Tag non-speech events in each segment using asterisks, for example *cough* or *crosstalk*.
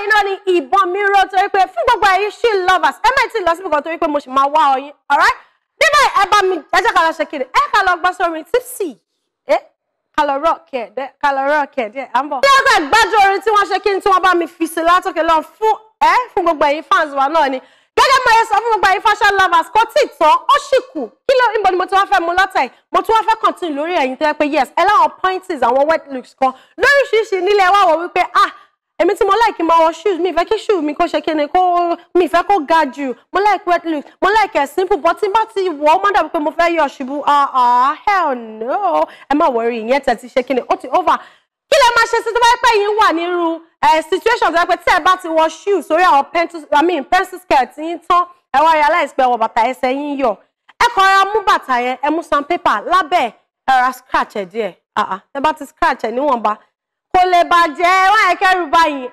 báyìí náà ni ìbọn mi ró torí pé fún gbogbo ẹ̀yin she lovers ẹ mẹ́tì lọ síbi kan torí pé mo sì máa wá ọyìn alright bí báyìí ẹ bá mi ẹ jẹ́ ká lọ ṣe kiri ẹ ká lọ gbọ́ sórí tipsy ẹ ká lọ rock ẹ dẹ ká lọ rock ẹ díẹ̀ à ń bọ̀. bí ọgbà gbájú orin tí wọ́n ṣe kí ni tí wọ́n bá mi fi sí látòkè lọ fún ẹ fún gbogbo ẹ̀yin fans wa náà ni gẹ́gẹ́ mo yẹ sọ fún gbogbo ẹ̀yin fashion lovers kò tí ì tán ó sì kù kí ló ń bọ̀ ni mo ti wá fẹ́ mu lọ́tẹ̀ mo ti wá fẹ́ continue lórí ẹ̀yin tó yẹ pé yes ẹ láwọn pointers àwọn wet looks kan lóríṣiríṣi nílẹ̀ wà wọ́n wípé ah èmi tí mo like máa wọ shoes mi ìfẹ́ kí shoes mi kó ṣe kí ni kó mi ìfẹ́ kó ga jù mo like wet look mo like ẹ̀ simple but tí bá ti wọ̀ ọ́ má dàbí pé mo fẹ́ yọ ṣubú ah ah hell no ẹ má wọrí ìyẹn tẹ̀ ti ṣe kí ni ó ti over kí lẹ máa ṣe sí tó bá pẹ́ yín wà nírú eh, situation tó yẹ pé tí ẹ bá ti wọ shoes sórí àwọn pencil skirt yín tán ẹ wá realize pé ọwọ́ bàtà ẹsẹ̀ yín yọ ẹ kọra mú bàtà yẹn ẹ mú paper. lábẹ́ ẹ ra scratch ẹ díẹ̀ ah, ah, ẹ bá ti scratch ẹ níwọ̀nba kò lè bàjẹ́ wọ́n yẹ kẹ́rù báyìí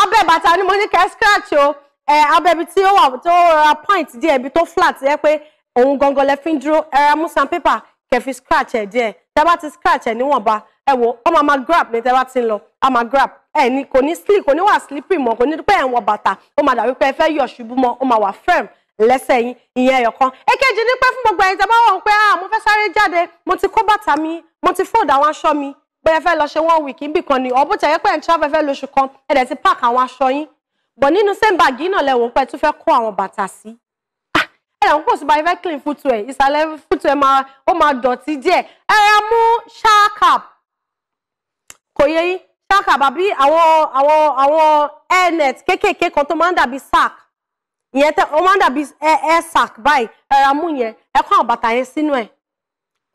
abẹ́ bàtà ni mo ní kẹ́ scratch o ẹ̀ abẹ́ ibi tí ó wà tó ra point díẹ̀ ibi tó flat yẹ pé òun gangan lẹ fi ń dúró ẹ ra mú sandpaper fi scratch ẹ̀ díẹ̀ tẹ́ bá ti scratch ẹ̀ níwọ̀nba ẹ wo ọ máa ma grab ni tẹ́ bá ti ń lọ a máa grab ẹ ní kò ní slip kò ní wà slippery mọ́ kò ní pé ẹ̀ ń wọ bàtà ó máa dàbí pé ẹ fẹ́ yọ̀ ṣubú mọ́ ó máa wà firm lẹ́sẹ̀ yín ìyẹn ẹyọ kan èkejì ni pé fún gbogbo ẹ̀yin tẹ́ bá wọ̀ pé ah mo fẹ́ sáré jáde mo ti kó bàtà mi mo ti fold àwọn aṣọ mi bóyá fẹ́ lọ ṣe one week níbì kan ni ọ̀bùn tẹ̀yẹ́ pẹ̀ ń travel fẹ́ lóṣù kan ẹ̀ dẹ̀ ti park àwọn aṣọ yín bọ̀ nínú same bag yìí náà lẹ́wọ̀n pẹ̀ tún fẹ́ kó àwọn bàtà sí ah, ẹ̀ ń pò sí báyìí fẹ́ clean footwear ìsàlẹ̀ footwear máa ó máa dọ̀tí díẹ̀ ẹ ẹ mú sharkap kò yẹ yín sharkap àbí àwọn àwọn àwọn airnet kéékèèké kan tó máa ń dàbí sack ìyẹn tẹ ó máa ń dàbí air sac. báyìí ẹ ẹ mú yẹn ẹ kó àwọn bàtà yẹn sínú ẹ̀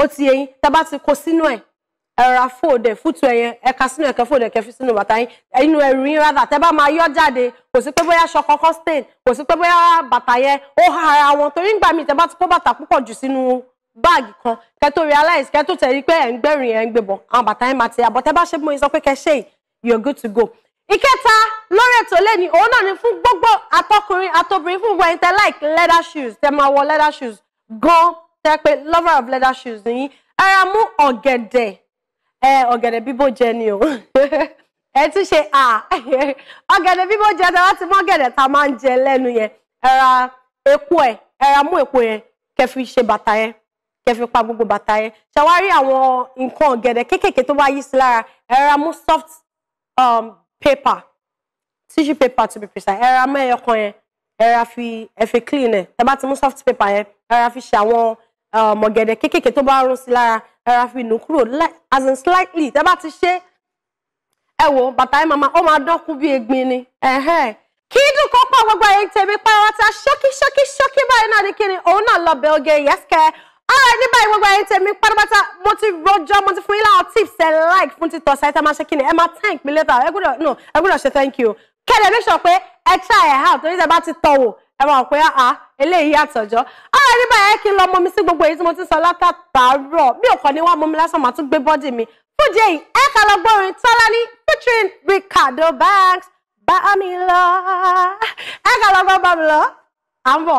ó ti yẹ yín tẹ bá ti kó sínú ẹ̀ ẹ̀rà fòdè fútu ẹ̀yẹn ẹ̀ka sínú ẹ̀kẹ́ fòdè ẹ̀kẹ́ fi sínú bàtà yín ẹ̀yinú ẹ̀rù yín rádà tẹ́ bá máa yọ jáde kò sí pé bóyá aṣọ kọ́kọ́ stain kò sí pé bóyá bàtà yẹn ó ha ara wọn torí ń gbà mí tẹ́ bá ti kó bàtà púpọ̀ jù sínú báàgì kan kẹ́ tó realize kẹ́ tó tẹ̀rí pé ẹ̀ ń gbẹ̀rìn ẹ̀ ń gbébọn àwọn bàtà yẹn máa ti àbọ̀ tẹ́ bá ṣe bí mo sọ pé kẹ́ you're good to go ìkẹta lórí ètò lẹ́ni òun náà ni fún gbogbo atọkùnrin atobìnrin fún gbogbo ẹni tẹ́ like leather shoes tẹ́ máa wọ leather shoes gan tẹ́ pé lover of leather shoes nìyí ẹ ra mú ọ̀gẹ̀dẹ̀ ẹ ọ̀gẹ̀dẹ̀ bíbó jẹ ni o *laughs* ẹ tún ṣe à *laughs* ọ̀gẹ̀dẹ̀ bíbó jẹ tẹ wá ti mọ ọ̀gẹ̀dẹ̀ tá a máa ń jẹ lẹ́nu yẹn ẹra epo ẹ ẹra mú epo yẹn kẹ́ fi ṣe bàtà yẹn kẹ́ fi pa gbogbo bàtà yẹn ṣàwárí àwọn nǹkan ọ̀gẹ̀dẹ̀ kéékèèké tó bá yí sí lára ẹra mú soft um, paper tissue paper to be precise ẹra mú ẹyọ kan yẹn ẹra fi ẹ clean ẹ tẹ bá ti mú soft paper yẹn ẹra fi ṣe àwọn Um, ọmọgẹ̀dẹ̀ kéékèèké tó bá rún sí lára ẹra fi nù kúrò as in slightly tẹ́ bá ti ṣe ẹ wo bàtà ẹ màmá ó máa dọ́kú bí egbin ni kí dùn kó pọ̀ gbogbo ẹ̀yin tèmi pátápátá ṣókí ṣókí ṣókí báyìí náà ní kíni òun náà lọ bẹ oge yẹ́sìkẹ́ ọ̀rọ̀ ẹ̀ ní báyìí gbogbo ẹ̀yin tèmi pátápátá mo ti rojọ́ mo ti fún yín láwọn tips ẹ̀ like fún títọ́ ṣáìtà máa ṣe kíni ẹ máa thank me later ẹ gbọ́dọ̀ ṣe thank you kẹ́lẹ̀ make sure pé ẹ try ẹ̀ out torí tẹ bá ti tọ̀wọ̀ ẹ máa pé àá ah, ah, eléyìí yàtọ̀jọ́ ara ah, ní báyẹn kí n lọ mọ mi sí gbogbo èyí tí mo ti sọ látàtàárọ̀ bí òkò ní wá mọ mi lásán màá tún gbé bọ́dì mi fún jẹ́ yìí ẹ kà lọ gbọ́rin Tọ́lání featuring Ricardo Banks bá mi lọ ẹ kà lọ gbọ́ bá mi lọ à ń bọ̀.